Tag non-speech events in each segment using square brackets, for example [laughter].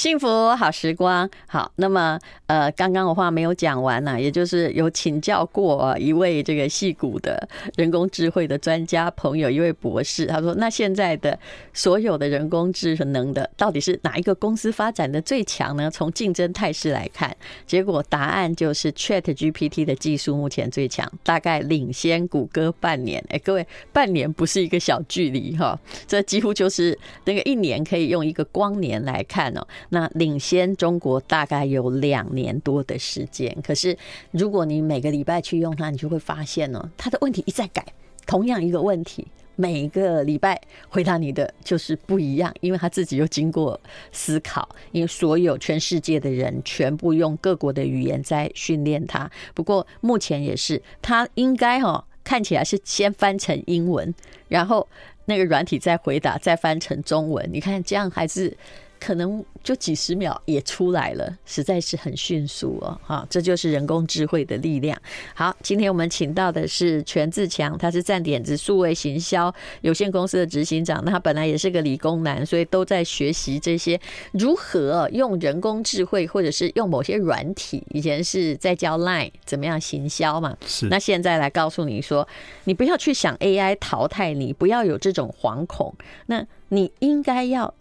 幸福好時光，好，那麼呃，剛剛的話沒有講完呢、啊，也就是有請教過、啊、一位這個矽谷的人工智慧的專家朋友，一位博士，他說，那現在的所有的人工智能的，到底是哪一個公司發展的最強呢？從競爭態勢來看，結果答案就是 ChatGPT 的技術目前最強，大概領先谷歌半年、欸。各位，半年不是一個小距離哈，這幾乎就是那個一年可以用一個光年來看哦、喔。那領先中國大概有兩年多的時間，可是如果你每個禮拜去用它，你就會發現哦，它的問題一再改。同樣一個問題，每個禮拜回答你的就是不一樣，因為他自己又經過思考，因為所有全世界的人全部用各國的語言在訓練它。不過目前也是，它應該哦，看起來是先翻成英文，然後那個軟體再回答，再翻成中文。你看這樣還是。可能就幾十秒也出來了，實在是很迅速哦！哈、啊，這就是人工智慧的力量。好，今天我們請到的是權自強，他是讚點子數位行銷有限公司的執行長，那他本來也是個理工男，所以都在學習這些如何用人工智慧，或者是用某些軟體。以前是在教 Line 怎麼樣行銷嘛，是。那現在來告訴你說，你不要去想 AI 淘汰你，不要有這種惶恐，那你應該要。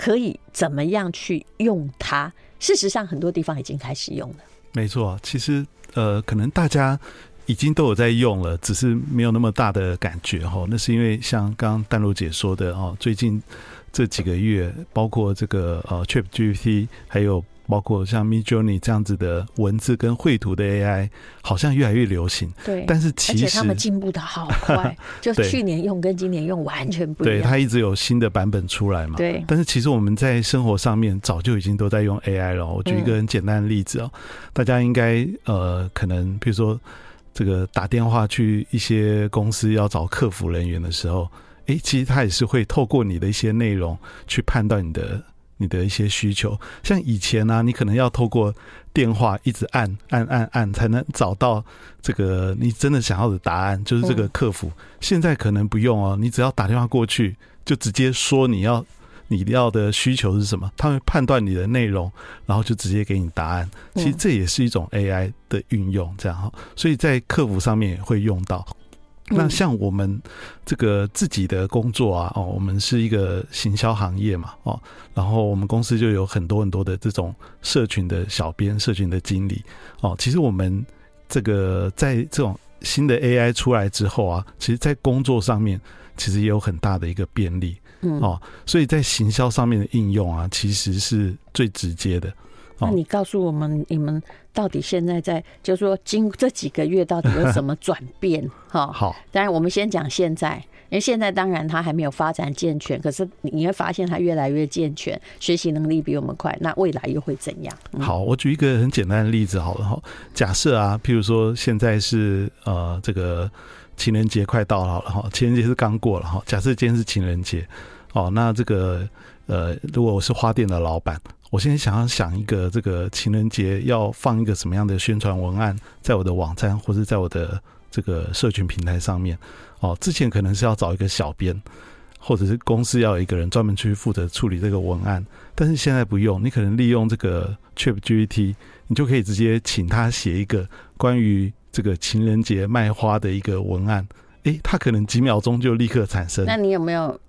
可以怎麼樣去用它？事實上，很多地方已經開始用了。沒錯，其實呃，可能大家已經都有在用了，只是沒有那麼大的感覺哈、哦。那是因為像剛剛淡如姐說的哦，最近這幾個月，包括這個呃 ChatGPT，還有。包括像 Midjourney 這樣子的文字跟繪圖的 AI，好像越來越流行。對，但是其實他們進步的好快， [laughs] 對就去年用跟今年用完全不一樣。對，它一直有新的版本出來嘛。對。但是其實我們在生活上面早就已經都在用 AI 了。我舉一個很簡單的例子哦、喔，嗯、大家應該呃，可能比如說這個打電話去一些公司要找客服人員的時候、欸、其實它也是會透過你的一些內容去判斷你的。你的一些需求，像以前呢、啊，你可能要透過電話一直按按按按，才能找到這個你真的想要的答案。就是這個客服、嗯、現在可能不用哦，你只要打電話過去，就直接說你要你要的需求是什麼，他會判斷你的內容，然後就直接給你答案。其實這也是一種 AI 的運用，這樣哈，所以在客服上面也會用到。那像我們這個自己的工作啊，哦，我們是一個行銷行業嘛，哦，然後我們公司就有很多很多的這種社群的小編、社群的經理，哦，其實我們這個在這種新的 AI 出來之後啊，其實，在工作上面其實也有很大的一個便利，嗯，哦，所以在行銷上面的應用啊，其實是最直接的。那你告訴我們，你們到底現在在，就是說，經這幾個月到底有什麼轉變？哈，好。當然，我們先講現在，因為現在當然他還沒有發展健全，可是你會發現他越來越健全，學習能力比我們快。那未來又會怎樣？嗯、好，我舉一個很簡單的例子好了哈。假設啊，譬如說現在是呃這個情人節快到了，好了哈，情人節是剛過了哈。假設今天是情人節，哦、呃，那這個呃，如果我是花店的老闆。我現在想要想一個這個情人節要放一個什麼樣的宣傳文案，在我的網站或者在我的這個社群平台上面哦。之前可能是要找一個小編，或者是公司要有一個人專門去負責處理這個文案，但是現在不用，你可能利用這個 ChatGPT，你就可以直接請他寫一個關於這個情人節賣花的一個文案。哎，他可能幾秒鐘就立刻產生。那你有沒有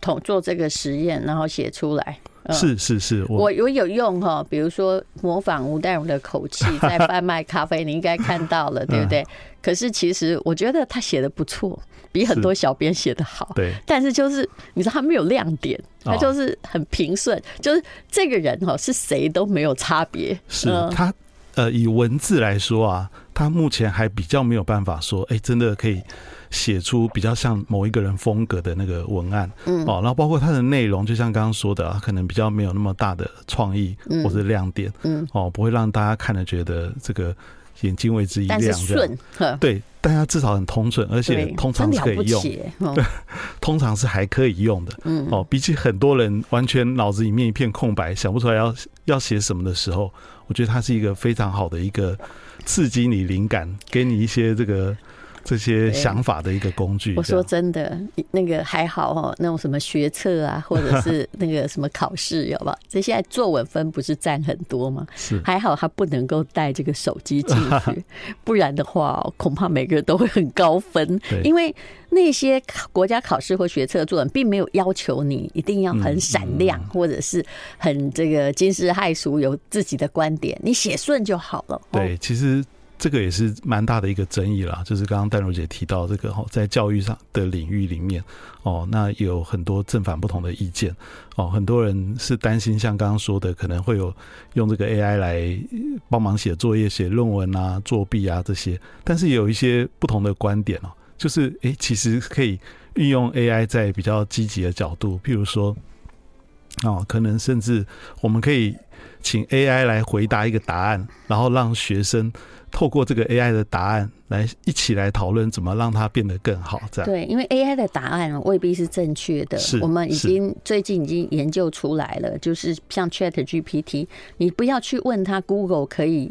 同做這個實驗，然後寫出來？嗯、是是是，我我有用哈、哦，比如說模仿吳淡如的口氣在販賣咖啡， [laughs] 你應該看到了，對不對？嗯、可是其實我覺得他寫的不錯，比很多小編寫的好。對，但是就是你說他沒有亮點，他就是很平順，哦、就是這個人哈、哦、是誰都沒有差別。嗯、是他呃，以文字來說啊，他目前還比較沒有辦法說，哎，真的可以。嗯寫出比較像某一個人風格的那個文案，嗯、哦，然後包括它的內容，就像剛剛說的、啊，它可能比較沒有那麼大的創意或是亮點，嗯嗯、哦，不會讓大家看了覺得這個眼睛為之一亮的，對，但它至少很通順，而且通常是可以用對、哦呵呵，通常是還可以用的，嗯、哦，比起很多人完全腦子裡面一片空白，想不出來要要寫什麼的時候，我覺得它是一個非常好的一個刺激你靈感，給你一些這個。這些想法的一個工具。我說真的，那個還好哦、喔，那種什麼學測啊，或者是那個什麼考試， [laughs] 有吧？這現在作文分不是占很多嗎？是還好，他不能夠帶這個手機進去， [laughs] 不然的話、喔，恐怕每個人都會很高分。對因為那些國家考試或學測作文，並沒有要求你一定要很閃亮，嗯嗯、或者是很這個驚世駭俗，有自己的觀點，你寫順就好了。對，其實。這個也是蠻大的一個爭議啦，就是剛剛淡如姐提到這個哈，在教育上的領域裡面，哦，那有很多正反不同的意見，哦，很多人是擔心像剛剛說的，可能會有用這個 AI 來幫忙寫作業、寫論文啊、作弊啊這些，但是也有一些不同的觀點哦，就是誒其實可以運用 AI 在比較積極的角度，譬如說，哦，可能甚至我們可以請 AI 來回答一個答案，然後讓學生。透過這個 AI 的答案來一起來討論怎麼讓它變得更好，這樣對，因為 AI 的答案未必是正確的。是我們已經最近已經研究出來了，是就是像 ChatGPT，你不要去問他 Google 可以，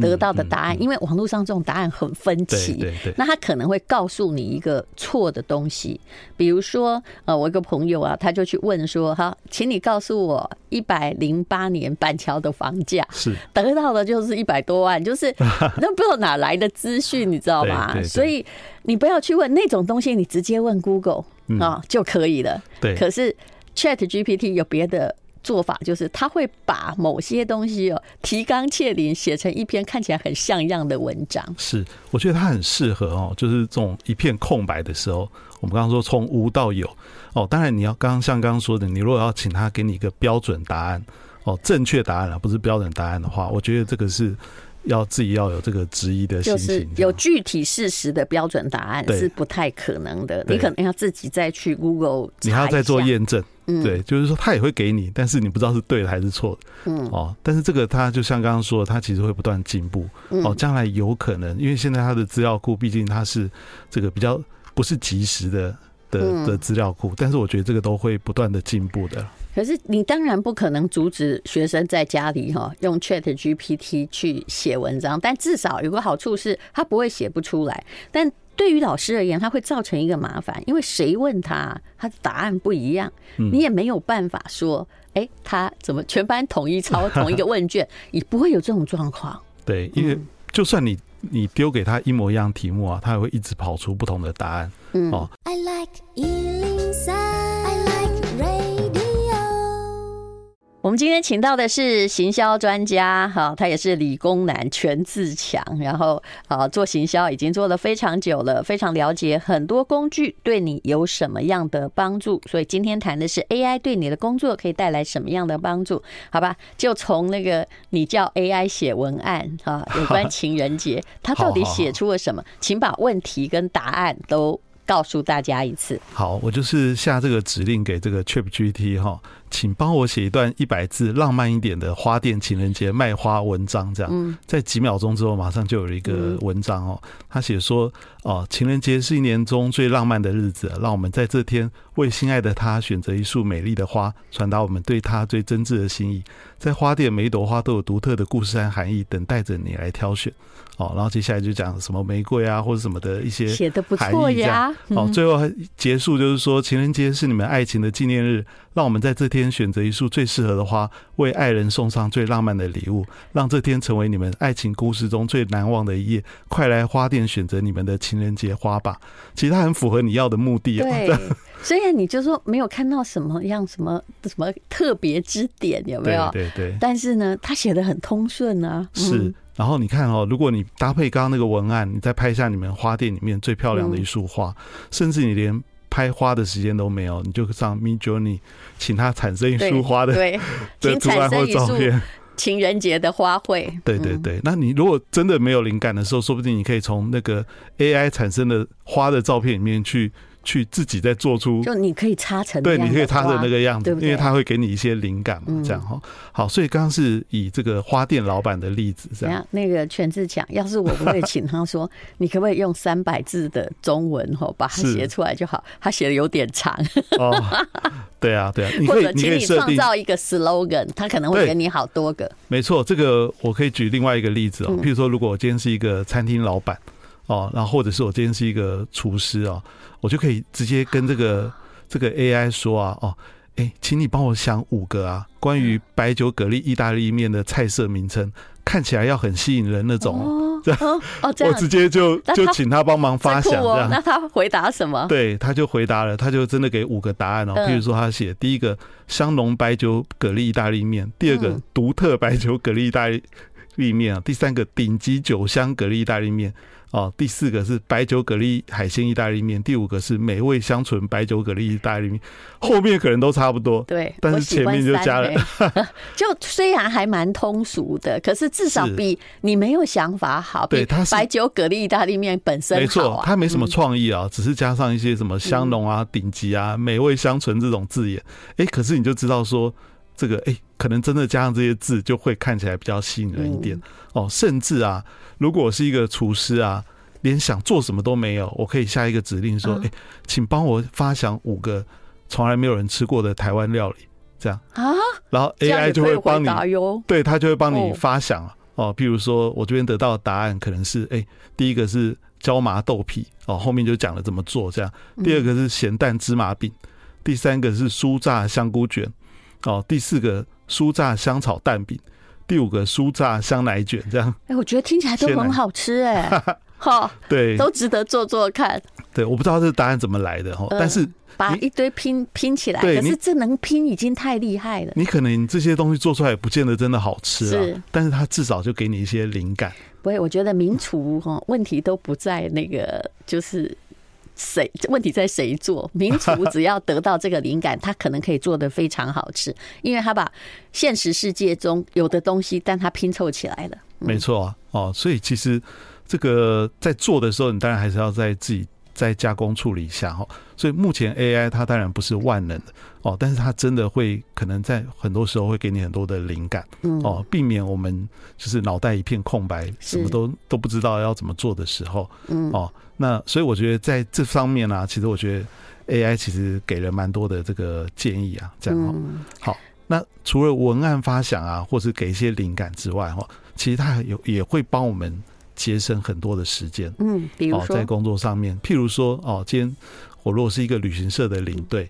得到的答案，因為網絡上這種答案很分歧，那他可能會告訴你一個錯的東西，比如說，呃，我一個朋友啊，他就去問說，哈，請你告訴我一百零八年板橋的房價，是得到的就是一百多萬，就是那不知道哪來的資訊，你知道嗎？所以你不要去問那種東西，你直接問 Google 啊就可以了。對，可是 ChatGPT 有別的。做法就是他會把某些東西哦提綱挈領，寫成一篇看起來很像樣的文章。是，我覺得他很適合哦，就是這種一片空白的時候，我們剛剛說從無到有哦。當然，你要剛剛像剛剛說的，你如果要請他給你一個標準答案哦，正確答案啊，不是標準答案的話，我覺得這個是要自己要有這個質疑的心情。就是有具體事實的標準答案是不太可能的，對你可能要自己再去 Google，你還要再做驗證。對，就是說他也會給你，但是你不知道是對的還是錯的，哦。但是這個他就像剛剛說的，他其實會不斷進步，哦，將來有可能，因為現在他的資料庫畢竟他是這個比較不是即時的的的資料庫，但是我覺得這個都會不斷的進步的。嗯、可是你當然不可能阻止學生在家裡哈、喔、用 ChatGPT 去寫文章，但至少有個好處是，他不會寫不出來。但對於老師而言，他會造成一個麻煩，因為誰問他，他的答案不一樣，你也沒有辦法說，哎、嗯，他怎麼全班統一抄同一個問卷，也 [laughs] 不會有這種狀況。對，因為就算你你丟給他一模一樣題目啊，他也會一直跑出不同的答案。嗯、哦。I like 103, 我們今天請到的是行銷專家，哈，他也是理工男，權自強，然後啊做行銷已經做了非常久了，非常了解很多工具對你有什麼樣的幫助，所以今天談的是 AI 對你的工作可以帶來什麼樣的幫助，好吧？就從那個你叫 AI 寫文案哈，有關情人節， [laughs] 他到底寫出了什麼？好好好，請把問題跟答案都告訴大家一次。好，我就是下這個指令給這個 ChatGPT 哈。請幫我寫一段一百字浪漫一點的花店情人節賣花文章，這樣在幾秒鐘之後馬上就有一個文章哦。他寫說哦、啊，情人節是一年中最浪漫的日子，讓我們在這天為心愛的他選擇一束美麗的花，傳達我們對他最真摯的心意。在花店，每一朵花都有獨特的故事和含義，等待着你來挑選。哦，然後接下來就講什麼玫瑰啊，或者什麼的一些寫的不錯呀。哦，最後還結束就是說，情人節是你們愛情的紀念日。讓我們在這天選擇一束最適合的花，為愛人送上最浪漫的禮物，讓這天成為你們愛情故事中最難忘的一夜。快來花店選擇你們的情人節花吧！其實它很符合你要的目的、喔，對。對雖然你就說沒有看到什麼樣、什麼、什麼特別之點，有沒有？對，對對。但是呢，他寫的很通順啊。是，嗯、然後你看哦、喔，如果你搭配剛剛那個文案，你再拍一下你們花店裡面最漂亮的一束花，嗯、甚至你連。開花的時間都沒有，你就上 MidJourney，請他產生一束花的，對，對，圖案或照片，情人節的花卉。對對對，那你如果真的沒有靈感的時候，嗯、說不定你可以從那個 AI 產生的花的照片裡面去。去自己再做出，就你可以插成對，你可以插成那個樣子，因為他會給你一些靈感嘛，這樣哈。好，所以剛剛是以這個花店老板的例子，這樣。那個權自強，要是我不會請他說，你可不可以用三百字的中文哈把它寫出來就好？他寫的有點長。哦，對啊，對啊，或者請你創造一個 slogan，他可能會給你好多個。沒錯，這個我可以舉另外一個例子哦，譬如說，如果我今天是一個餐廳老板。哦，然後或者是我今天是一個廚師哦，我就可以直接跟這個、啊、這個 AI 說啊，哦，哎，請你幫我想五個啊，關於白酒蛤蜊意大利麵的菜色名稱，嗯、看起來要很吸引人那種，哦、這樣哦，這樣我直接就、嗯、就請他幫忙發想，哦、這樣。那他回答什麼？對，他就回答了，他就真的給五個答案哦。呃、比如說，他寫第一個香濃白酒蛤蜊意大利麵，第二個獨、嗯、特白酒蛤蜊意大利麵啊，第三個頂級酒香蛤蜊意大利麵。哦，第四個是白酒蛤蜊海鮮意大利麵，第五個是美味香醇白酒蛤蜊意大利麵，後面可能都差不多。對，但是前面就加了， [laughs] 就雖然還蠻通俗的，可是至少比你沒有想法好。對是，它是白酒蛤蜊意大利麵本身好、啊、沒錯，它沒什麼創意啊，只是加上一些什麼香濃啊、頂級啊、嗯、美味香醇這種字眼。哎，可是你就知道說。這個哎，可能真的加上這些字，就會看起來比較吸引人一點、嗯、哦。甚至啊，如果我是一個廚師啊，連想做什麼都沒有，我可以下一個指令說：“哎、嗯，請幫我發想五個從來沒有人吃過的台灣料理。”這樣啊，然後 AI 就會幫你，對，他就會幫你發想哦。譬、哦、如說，我這邊得到的答案可能是：哎，第一個是椒麻豆皮哦，後面就講了怎麼做這樣；嗯、第二個是鹹蛋芝麻餅；第三個是酥炸香菇捲。哦，第四個酥炸香草蛋餅，第五個酥炸香奶卷，這樣。哎、欸，我覺得聽起來都很好吃哎、欸。哈難，哦、對，都值得做做看。對，我不知道這答案怎麼來的哈，但是、呃、把一堆拼拼起來，可是這能拼已經太厲害了。你，你可能這些東西做出來也不見得真的好吃、啊，是，但是它至少就給你一些靈感。不會，我覺得名廚哈、嗯、問題都不在那個，就是。誰？問題在誰做？民族只要得到這個靈感， [laughs] 他可能可以做得非常好吃，因為他把現實世界中有的東西，但他拼湊起來了。嗯、沒錯啊，哦，所以其實這個在做的時候，你當然還是要再自己再加工處理一下哈。所以目前 AI 它當然不是萬能的哦，但是它真的會可能在很多時候會給你很多的靈感、嗯、哦，避免我們就是腦袋一片空白，是什麼都都不知道要怎麼做的時候、嗯、哦。那所以我覺得在這方面呢、啊，其實我覺得 AI 其實給了蠻多的這個建議啊，這樣、哦嗯、好。那除了文案發想啊，或是給一些靈感之外哈、哦，其實它有也會幫我們節省很多的時間。嗯，比如說、哦、在工作上面，譬如說哦，今天。我如果是一個旅行社的領隊，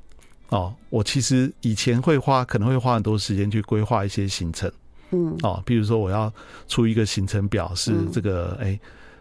哦，我其實以前會花，可能會花很多時間去規劃一些行程，嗯，哦，比如說我要出一個行程表，是這個，哎、欸，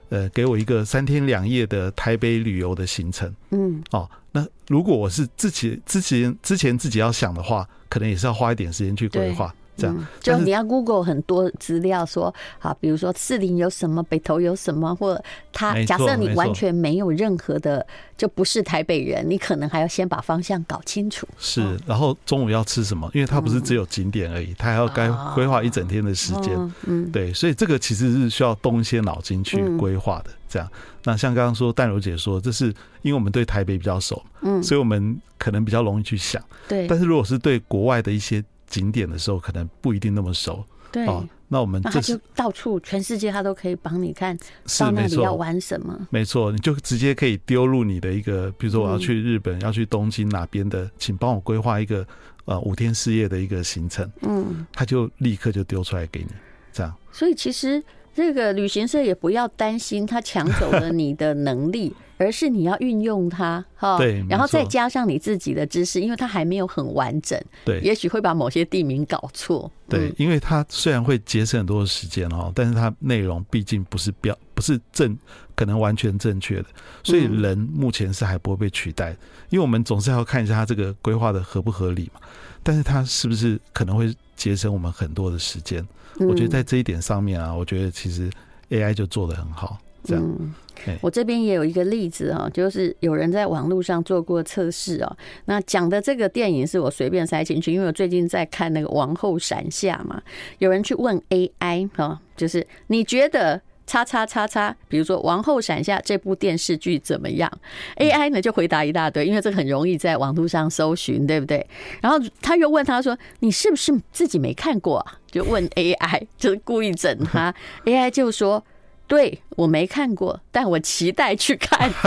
呃，給我一個三天兩夜的台北旅遊的行程，嗯，哦，那如果我是自己之前之前自己要想的話，可能也是要花一點時間去規劃。嗯，就你要 Google 很多資料，說好，比如說，士林有什麼，北投有什麼，或他假設你完全沒有任何的，就不是台北人，你可能還要先把方向搞清楚。是，然後中午要吃什麼？因為他不是只有景點而已，他還要該規劃一整天的時間。嗯，對，所以這個其實是需要動一些腦筋去規劃的。這樣，那像剛剛說淡如姐說，這是因為我們對台北比較熟，嗯，所以我們可能比較容易去想。對，但是如果是對國外的一些。景點的時候，可能不一定那麼熟。對、啊，那我們這是那他就到處全世界，他都可以幫你看是到那裡要玩什麼。沒錯，你就直接可以丟入你的一個，比如說我要去日本，嗯、要去東京哪邊的，請幫我規劃一個呃五天四夜的一個行程。嗯，他就立刻就丟出來給你，這樣。所以其實這個旅行社也不要擔心，他搶走了你的能力。 [laughs] 而是你要運用它哈，然後再加上你自己的知識，因為它還沒有很完整，對，也許會把某些地名搞錯，對，嗯、因為它雖然會節省很多的時間哈，但是它內容畢竟不是標不是正，可能完全正確的，所以人目前是還不會被取代，嗯、因為我們總是要看一下它這個規劃的合不合理嘛，但是它是不是可能會節省我們很多的時間？嗯、我覺得在這一點上面啊，我覺得其實 AI 就做得很好。嗯，嗯，我這邊也有一個例子啊、哦，就是有人在網絡上做過測試哦。那講的這個電影是我隨便塞進去，因為我最近在看那個《王后閃下》嘛。有人去問 AI 啊、哦，就是你覺得叉叉叉叉，比如說《王后閃下》這部電視劇怎麼樣？AI 呢就回答一大堆，因為這很容易在網絡上搜尋，對不對？然後他又問他說：“你是不是自己沒看過、啊？”就問 AI，就是故意整他。 [laughs] AI 就說。對，我沒看過，但我期待去看。 [laughs]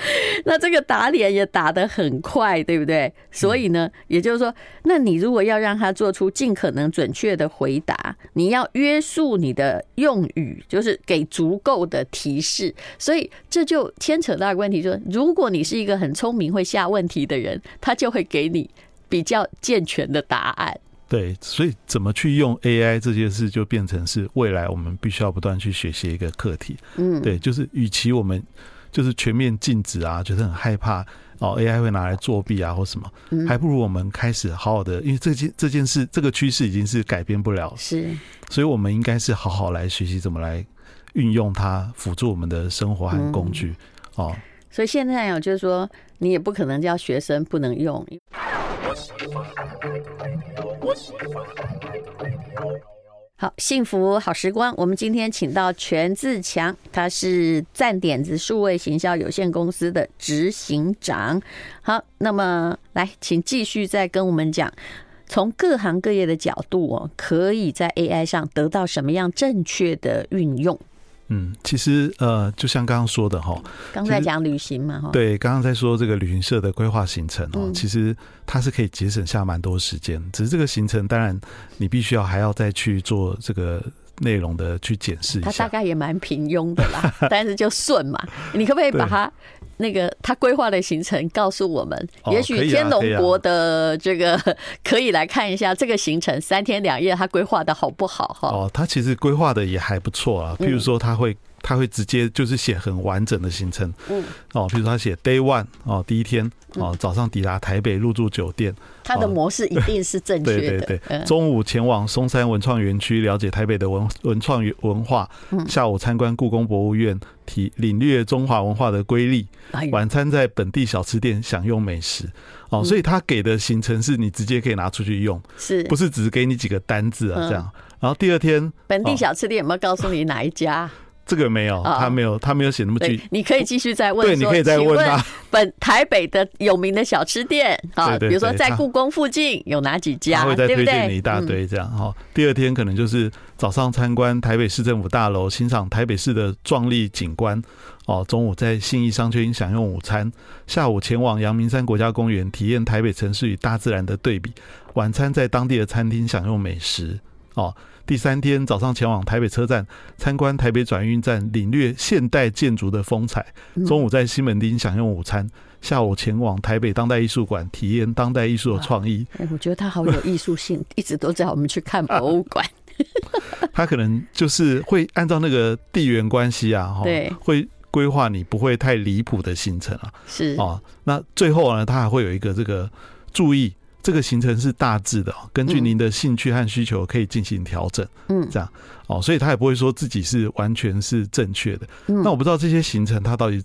[laughs] 那這個打臉也打得很快，對不對？所以呢，也就是說，那你如果要讓他做出盡可能準確的回答，你要約束你的用語，就是給足夠的提示。所以這就牽扯到一個問題，說如果你是一個很聰明會下問題的人，他就會給你比較健全的答案。對，所以怎麼去用 AI 這件事，就變成是未來我們必須要不斷去學習一個課題。嗯，對，就是與其我們就是全面禁止啊，覺得很害怕哦，AI 會拿來作弊啊或什麼，嗯、還不如我們開始好好的，因為這件這件事這個趨勢已經是改變不了了，是，所以我們應該是好好來學習怎麼來運用它，輔助我們的生活和工具，嗯、哦，所以現在有就是說。你也不可能叫學生不能用。好，幸福好時光，我們今天請到權自強，他是讚點子數位行銷有限公司的執行長。好，那麼來，請繼續再跟我們講，從各行各業的角度哦，可以在 AI 上得到什麼樣正確的運用。嗯，其實呃，就像剛剛說的哈，剛在講旅行嘛，對，剛剛在說這個旅行社的規劃行程哦，嗯、其實它是可以節省下蠻多時間，只是這個行程當然你必須要還要再去做這個內容的去檢視一下，它大概也蠻平庸的啦， [laughs] 但是就順嘛，你可不可以把它？那個他規劃的行程告訴我們，也許天龍國的這個可以來看一下這個行程，三天兩夜他規劃的好不好哈？哦，他其實規劃的也還不錯啊，譬如說他會。他會直接就是寫很完整的行程，嗯，哦，比如說他寫 Day One，哦，第一天，哦，早上抵達台北，入住酒店，他的模式一定是正確的。對對、哦、對，對對對嗯、中午前往松山文創園區了解台北的文文創文化，下午參觀故宮博物院，提領略中華文化的瑰麗，哎、晚餐在本地小吃店享用美食，哦，所以他給的行程是你直接可以拿出去用，是、嗯，不是只是給你幾個單字啊？這樣，嗯、然後第二天本地小吃店、哦、有沒有告訴你哪一家、啊？這個沒有，哦、他沒有，他沒有寫那麼具體。你可以繼續再問、哦。對，你可以再問他。問本台北的有名的小吃店啊，比如說在故宮附近有哪幾家？他，他會再推薦你一大堆這樣哈。嗯、第二天可能就是早上參觀台北市政府大樓，欣賞台北市的壯麗景觀哦。中午在信義商圈享用午餐，下午前往陽明山國家公園體驗台北城市與大自然的對比。晚餐在當地的餐廳享用美食哦。第三天早上前往台北車站參觀台北轉運站，領略現代建築的風采。中午在西門町享用午餐，嗯、下午前往台北當代藝術館體驗當代藝術的創意、啊欸。我覺得他好有藝術性， [laughs] 一直都在我們去看博物館、啊。他可能就是會按照那個地緣關係啊，哦、對，會規劃你不會太離譜的行程啊。是啊，那最後呢，他還會有一個這個注意。這個行程，是大致的，根據您的興趣和需求可以進行調整。嗯，這樣哦，所以他也不會說自己是完全是正確的。嗯，那我不知道這些行程他到底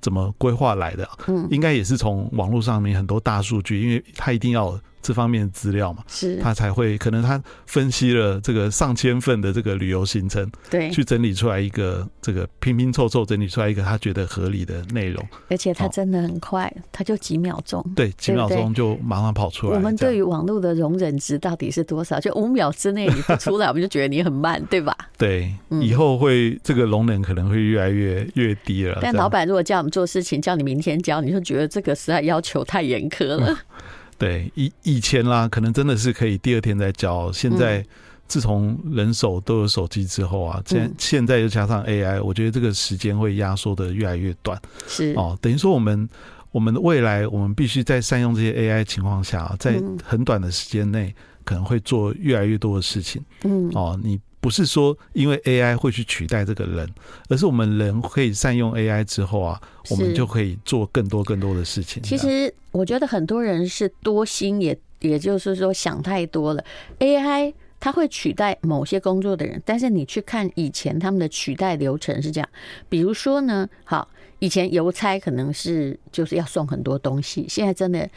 怎麼規劃來的？嗯，應該也是從網絡上面很多大數據，因為他一定要。這方面的資料嘛，是他才會可能他分析了這個上千份的這個旅遊行程，對，去整理出來一個這個拼拼湊湊，湊湊整理出來一個他覺得合理的內容，而且他真的很快，哦、他就幾秒鐘，對，幾秒鐘就馬上跑出來。對對樣我們對於網絡的容忍值到底是多少？就五秒之內你不出來，我們就覺得你很慢， [laughs] 對吧？對，嗯、以後會這個容忍可能會越來越越低了、啊。但老闆如果叫我們做事情，叫你明天交，你就覺得這個實在要求太嚴苛了。嗯對，一一千啦，可能真的是可以第二天再交。現在自從人手都有手機之後啊，現、嗯、現在又加上 AI，我覺得這個時間會壓縮的越來越短。是哦，等於說我們我們的未來，我們必須在善用這些 AI 情況下、啊，在很短的時間內，可能會做越來越多的事情。嗯，哦，你。不是說，因為 AI 會去取代這個人，而是我們人可以善用 AI 之後啊，我們就可以做更多更多的事情。其實我覺得很多人是多心，也也就是說想太多了。AI。它會取代某些工作的人，但是你去看以前他們的取代流程是這樣，比如說呢，好，以前郵差可能是就是要送很多東西，現在真的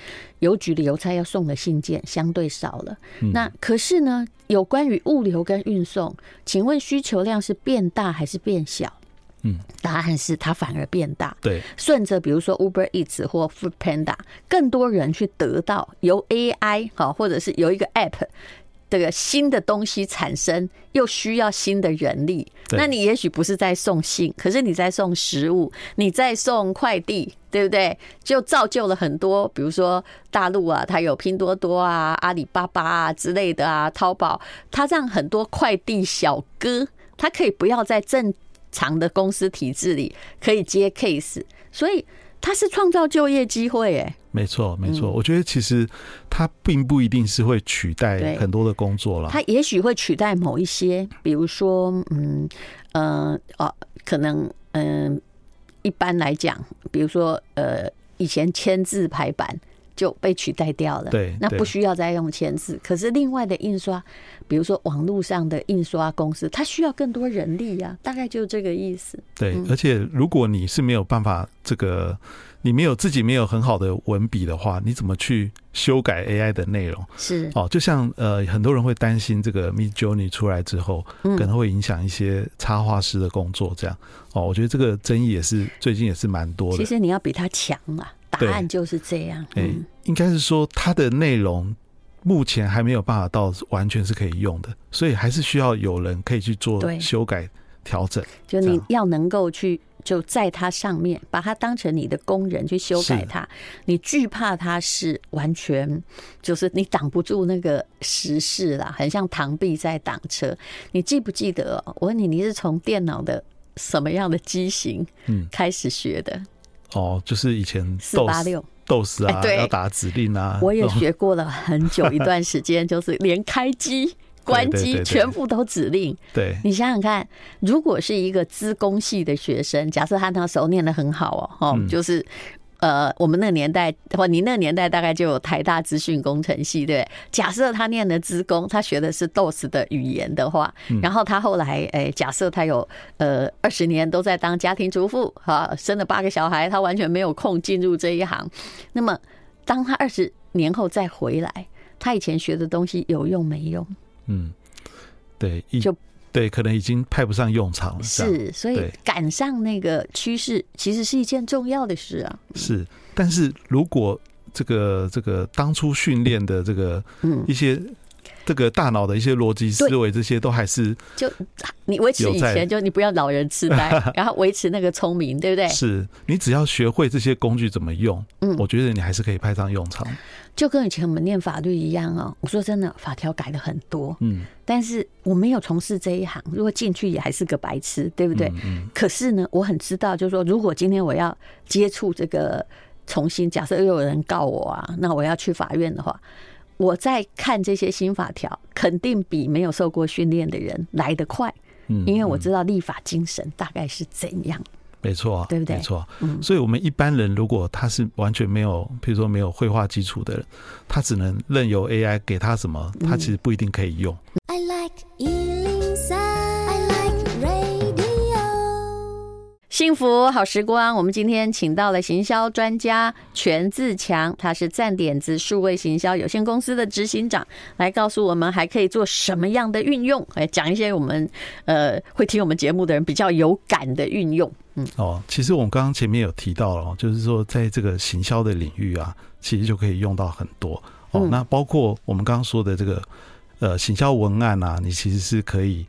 郵局的郵差要送的信件相對少了。嗯，那可是呢，有關於物流跟運送，請問需求量是變大還是變小？嗯，答案是它反而變大。對，順着比如說 Uber Eats 或 Food Panda，更多人去得到由 AI 或者是由一個 App。這個新的東西產生，又需要新的人力。那你也許不是在送信，可是你在送食物，你在送快遞，對不對？就造就了很多，比如說大陸啊，它有拼多多啊、阿里巴巴啊之類的啊，淘寶，它讓很多快遞小哥，他可以不要在正常的公司體制裡可以接 case，所以它是創造就業機會、欸，哎。沒錯，沒錯。嗯、我覺得其實它並不一定是會取代很多的工作了。它也許會取代某一些，比如說，嗯，呃，哦，可能，嗯，一般來講，比如說，呃，以前鉛字排版就被取代掉了。對，那不需要再用鉛字。對可是另外的印刷，比如說網路上的印刷公司，它需要更多人力呀、啊。大概就這個意思。嗯、對，而且如果你是沒有辦法這個。你沒有自己沒有很好的文筆的話，你怎麼去修改 AI 的內容？是哦，就像呃，很多人會擔心這個 Midjourney 出來之後，嗯、可能會影響一些插畫師的工作，這樣哦。我覺得這個爭議也是最近也是蠻多的。其實你要比它強啊，答案就是這樣。哎對、嗯欸，應該是說它的內容目前還沒有辦法到完全是可以用的，所以還是需要有人可以去做修改調對整。就你要能夠去。就在它上面，把它當成你的工人去修改它。是的 你懼怕它是完全，就是你擋不住那個時勢啦，很像螳臂在擋車。你記不記得、哦？我問你，你是從電腦的什麼樣的機型開始學的、嗯？哦，就是以前四八六 DOS 啊，哎、對，要打指令啊。我也學過了很久一段時間， [laughs] 就是連開機。關機，全部都指令。對，對，對，對你想想看，如果是一個資工系的學生，假設他那時候念得很好哦，嗯、就是呃，我們那年代或你那年代大概就有台大資訊工程系，對，假設他念的資工，他學的是 DOS 的語言的話，然後他後來、欸、假設他有呃二十年都在當家庭主婦，哈、啊，生了八個小孩，他完全沒有空進入這一行。那麼，當他二十年後再回來，他以前學的東西有用沒用？嗯，對，一就對，可能已經派不上用場了。是，所以趕上那個趨勢對其實是一件重要的事啊。是，但是如果這個這個當初訓練的這個一些。這個大腦的一些邏輯思維，這些都還是就你維持以前，就你不要老人痴呆， [laughs] 然後維持那個聰明，對不對？是，你只要學會這些工具怎麼用，嗯，我覺得你還是可以派上用場。就跟以前我們念法律一樣啊，哦，我說真的，法條改了很多，嗯，但是我沒有從事這一行，如果進去也還是個白痴，對不對？嗯。嗯，可是呢，我很知道，就是說，如果今天我要接觸這個重新，假設又有人告我啊，那我要去法院的話。我在看這些新法條，肯定比沒有受過訓練的人來得快，嗯嗯、因為我知道立法精神大概是怎樣。沒錯、啊，對不對？沒錯。所以我們一般人如果他是完全沒有，譬如說沒有繪畫基礎的人，他只能任由 AI 給他什麼，他其實不一定可以用。嗯 I like 幸福好時光，我們今天請到了行銷專家權自強，他是讚點子數位行銷有限公司的執行長，來告訴我們還可以做什麼樣的運用，來講一些我們呃會聽我們節目的人比較有感的運用。嗯，哦，其實我們剛剛前面有提到了，就是說在這個行銷的領域啊，其實就可以用到很多哦。嗯、那包括我們剛剛說的這個呃行銷文案啊，你其實是可以。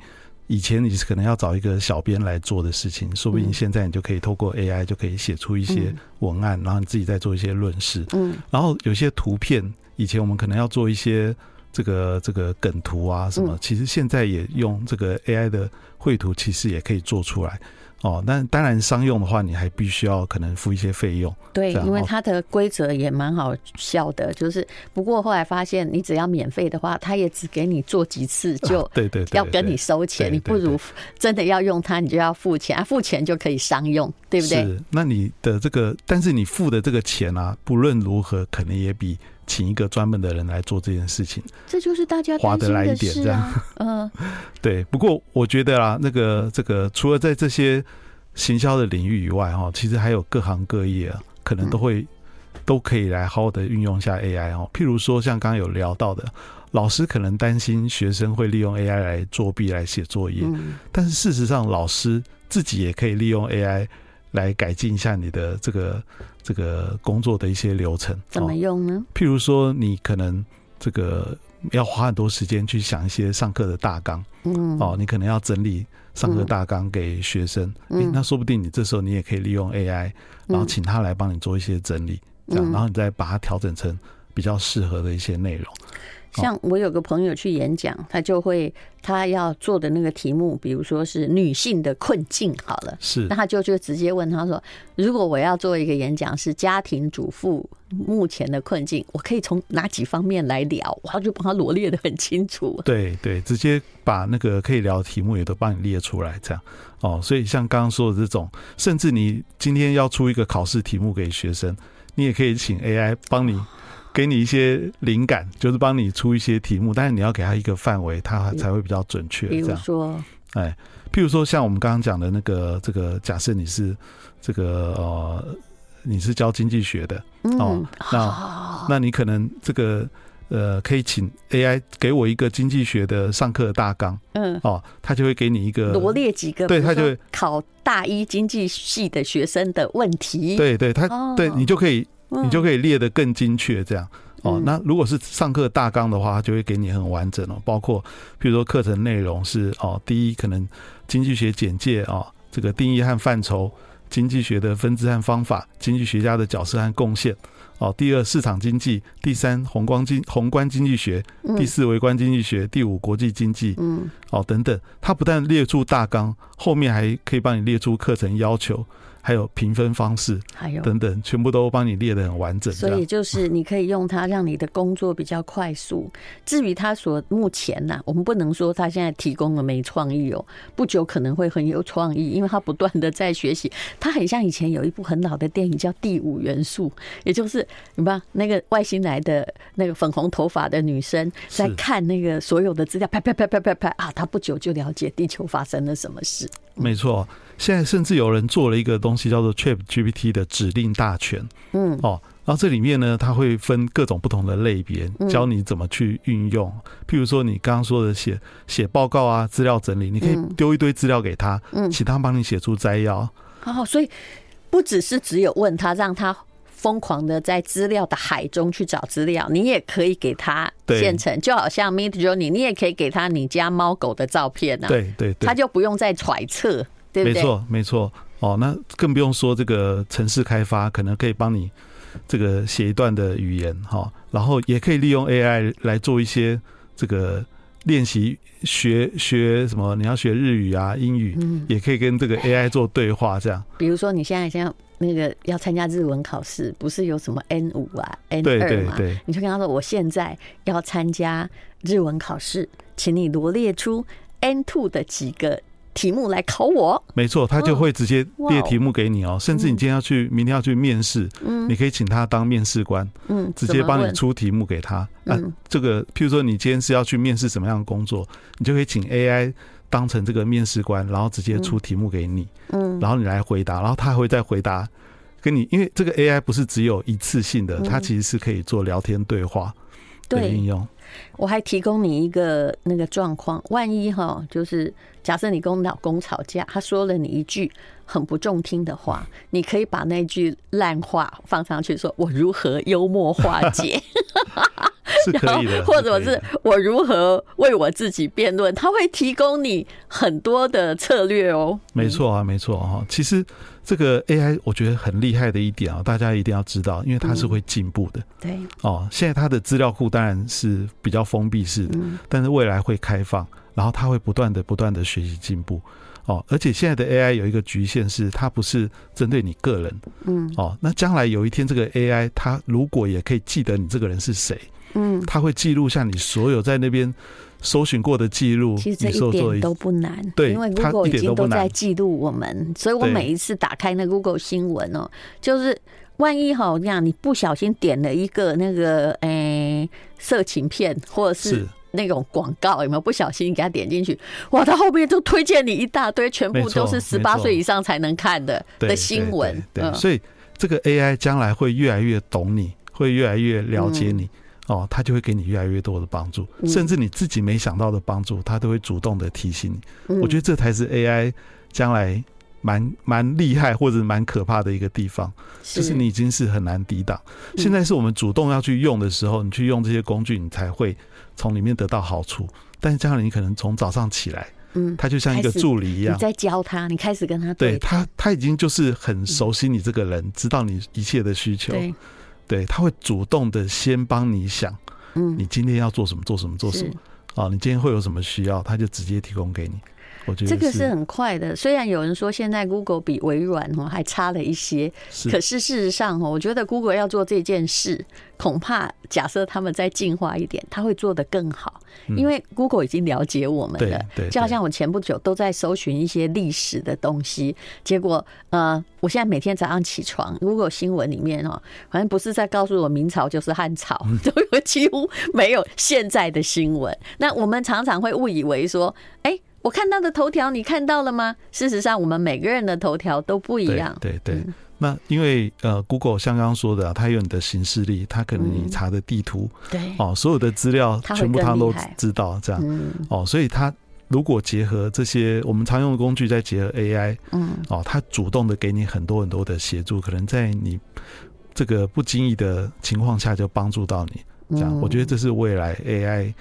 以前你是可能要找一個小編來做的事情，說不定現在你就可以透過 AI 就可以寫出一些文案，然後你自己再做一些論述。嗯，然後有些圖片，以前我們可能要做一些這個這個梗圖啊什麼，其實現在也用這個 AI 的繪圖，其實也可以做出來。哦，那當然，商用的話，你還必須要可能付一些費用。對，因為它的規則也蠻好笑的，就是不過後來發現，你只要免費的話，它也只給你做幾次，就對對，要跟你收錢。啊、對對對對，你不如真的要用它，你就要付錢，對對對，啊，付錢就可以商用，對不對？是，那你的這個，但是你付的這個錢啊，不論如何，可能也比。請一個專門的人來做這件事情，這就是大家划得來一點這樣，嗯、啊， [laughs] 對。不過我覺得啊，那個、嗯、這個除了在這些行銷的領域以外哈，其實還有各行各業啊，可能都會都可以來好好的運用一下 AI 哦，譬如說像剛剛有聊到的，老師可能擔心學生會利用 AI 來作弊來寫作業，嗯、但是事實上老師自己也可以利用 AI 來改進一下你的這個。這個工作的一些流程怎麼用呢？譬如說，你可能這個要花很多時間去想一些上課的大綱，嗯、哦，你可能要整理上課大綱給學生，嗯、那說不定你這時候你也可以利用 AI，嗯、然後請他來幫你做一些整理，這樣，嗯、然後你再把它調整成比較適合的一些內容。像我有個朋友去演講，他就會他要做的那個題目，比如說是女性的困境，好了，是。那他就就直接問他說：“如果我要做一個演講，是家庭主婦目前的困境，我可以從哪幾方面來聊？”我就幫他羅列得很清楚。對對，直接把那個可以聊的題目也都幫你列出來，這樣哦。所以像剛剛說的這種，甚至你今天要出一個考試題目給學生，你也可以請 AI 幫你，哦。給你一些靈感，就是幫你出一些題目，但是你要給他一個範圍，他才會比較準確這樣。比如說，哎，譬如說，像我們剛剛講的那個，這個假設你是這個呃，你是教經濟學的、嗯、哦，那那你可能這個呃，可以請 AI 給我一個經濟學的上課大綱，嗯，哦，他就會給你一個羅列幾個，對他就會考大一經濟系的學生的問題，對,對,對，他哦、對他對你就可以。你就可以列得更精確，這樣、嗯、哦。那如果是上課大綱的話，它就會給你很完整哦，包括譬如說課程內容是哦，第一可能經濟學簡介啊、哦，這個定義和範疇，經濟學的分支和方法，經濟學家的角色和貢獻哦。第二市場經濟，第三宏觀經宏觀經濟學，第四微觀經濟學，第五國際經濟，嗯，哦等等。它不但列出大綱，後面還可以幫你列出課程要求。還有評分方式，還有等等，全部都幫你列的很完整。嗯、所以就是你可以用它，讓你的工作比較快速。至於它所目前呢、啊，我們不能說它現在提供了沒創意哦，不久可能會很有創意，因為它不斷的在學習。它很像以前有一部很老的電影叫《第五元素》，也就是你吧，那個外星來的那個粉紅頭髮的女生在看那個所有的資料，拍拍拍拍拍拍啊，她不久就了解地球發生了什麼事、嗯。沒錯。現在甚至有人做了一個東西，叫做 ChatGPT 的指令大全。嗯，哦，然後這裡面呢，它會分各種不同的類別，嗯、教你怎麼去運用。譬如說，你剛剛說的寫寫報告啊，資料整理，你可以丟一堆資料給他，嗯，請他幫你寫出摘要。好、哦、所以不只是只有問他，讓他瘋狂的在資料的海中去找資料，你也可以給他現成，對就好像 MidJourney，你也可以給他你家貓狗的照片呢、啊。對對，他就不用再揣測。對對沒錯，沒錯。哦，那更不用說這個程式開發，可能可以幫你這個寫一段的語言哈，然後也可以利用 AI 來做一些這個練習，學學什麼？你要學日語啊，英語，也可以跟這個 AI 做對話這樣。比如說，你現在現在那個要參加日文考試，不是有什麼 N 五啊、N 二嘛？對你就跟他說，我現在要參加日文考試，請你羅列出 N two 的幾個。題目來考我。沒錯，他就會直接列題目給你哦、喔。甚至你今天要去，明天要去面試，你可以請他當面試官，嗯，直接幫你出題目給他。嗯，這個，譬如說你今天是要去面試什麼樣的工作，你就可以請 AI 當成這個面試官，然後直接出題目給你，嗯，然後你來回答，然後他還會再回答跟你。因為這個 AI 不是只有一次性的，它其實是可以做聊天對話的應用。我還提供你一個那個狀況，萬一哈，就是假設你跟老公吵架，他說了你一句很不中聽的話，你可以把那句爛話放上去，說我如何幽默化解， [laughs] 是可以的， [laughs] 然後或者是我如何為我自己辯論，他會提供你很多的策略哦。沒錯啊，沒錯啊，其實。這個 AI 我覺得很厲害的一點啊、哦，大家一定要知道，因為它是會進步的。嗯、對。哦，現在它的資料庫當然是比較封閉式的，嗯、但是未來會開放，然後它會不斷的、不斷的學習進步。哦，而且現在的 AI 有一個局限是，它不是針對你個人。嗯。哦，那將來有一天，這個 AI 它如果也可以記得你這個人是誰，嗯，它會記錄下你所有在那邊搜尋過的記錄，其實這一點都不難。對，因為 Google 已經都在記錄我們，對所以我每一次打開那個 Google 新聞哦、喔，對就是萬一哈、喔，我跟你講，你不小心點了一個那個誒、欸、色情片，或者是那種廣告，是有沒有不小心給他點進去？哇，他後面就推薦你一大堆，全部都是十八歲以上才能看的的新聞。對，所以這個 AI 將來會越來越懂你，會越來越了解你。嗯哦，他就會給你越來越多的幫助，嗯、甚至你自己沒想到的幫助，他都會主動的提醒你。嗯、我覺得這才是 AI 將來蠻蠻厲害或者蠻可怕的一個地方，是就是你已經是很難抵擋。嗯、現在是我們主動要去用的時候，你去用這些工具，你才會從裡面得到好處。但是將來你可能從早上起來，嗯，他就像一個助理一樣，你在教他，你開始跟他對，對他，他已經就是很熟悉你這個人，嗯、知道你一切的需求。對，他會主動的先幫你想，嗯，你今天要做什麼，做什麼，做什麼，是啊，你今天會有什麼需要，他就直接提供給你。這個是很快的，雖然有人說現在 Google 比微軟哦還差了一些，可是事實上哦，我覺得 Google 要做這件事，恐怕假設他們再進化一點，他會做得更好，因為 Google 已經了解我們了，就好像我前不久都在搜尋一些歷史的東西，結果呃，我現在每天早上起床，Google 新聞裡面哦，反正不是在告訴我明朝就是漢朝， [laughs] 都有幾乎沒有現在的新聞，那我們常常會誤以為說，哎。我看到的頭條，你看到了嗎？事實上，我們每個人的頭條都不一樣。對，對對，嗯、那因為呃，Google 像剛剛說的，啊，它有你的行事曆，它可能你查的地圖，嗯、對哦，所有的資料全部它都知道，這樣，嗯、哦，所以它如果結合這些我們常用的工具，再結合 AI，嗯哦，它主動的給你很多很多的協助，可能在你這個不經意的情況下就幫助到你。這樣，嗯、我覺得這是未來 AI。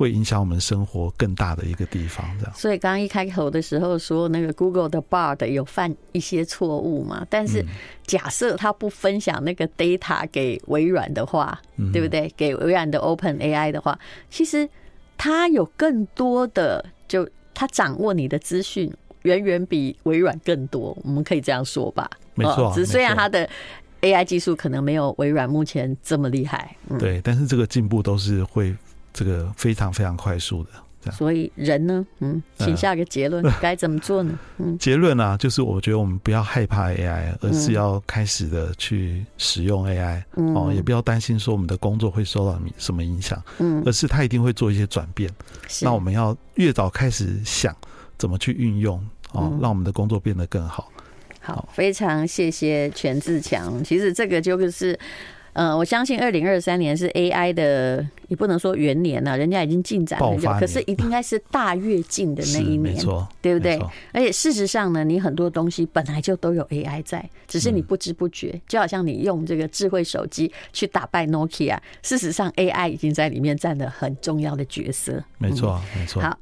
會影響我們生活更大的一個地方，這樣。所以，剛剛一開頭的時候說那個 Google 的 Bard 有犯一些錯誤嘛？但是，假設他不分享那個 data 給微軟的話，對不對？給微軟的 Open AI 的話，其實他有更多的，就他掌握你的資訊，遠遠比微軟更多。我們可以這樣說吧？沒錯 錯，只是雖然他的 AI 技術可能沒有微軟目前這麼厲害、嗯，沒錯 對，但是這個進步都是會。這個非常非常快速的，這樣。所以人呢，嗯，請下個結論，該、呃、怎麼做呢？嗯，結論啊，就是我覺得我們不要害怕 AI，而是要開始的去使用 AI，、嗯、哦，也不要擔心說我們的工作會受到什麼影響，嗯，而是它一定會做一些轉變。嗯、那我們要越早開始想怎麼去運用，哦，嗯、讓我們的工作變得更好。好，哦、非常謝謝權自強。其實這個就是。嗯，我相信二零二三年是 AI 的，你不能說元年吶，啊，人家已經進展了，可是一定應該是大躍進的那一年，沒錯，對不對？沒錯，而且事實上呢，你很多東西本來就都有 AI 在，只是你不知不覺，嗯、就好像你用這個智慧手機去打敗 Nokia，、ok、事實上 AI 已經在裡面占了很重要的角色，嗯、沒錯，沒錯。好。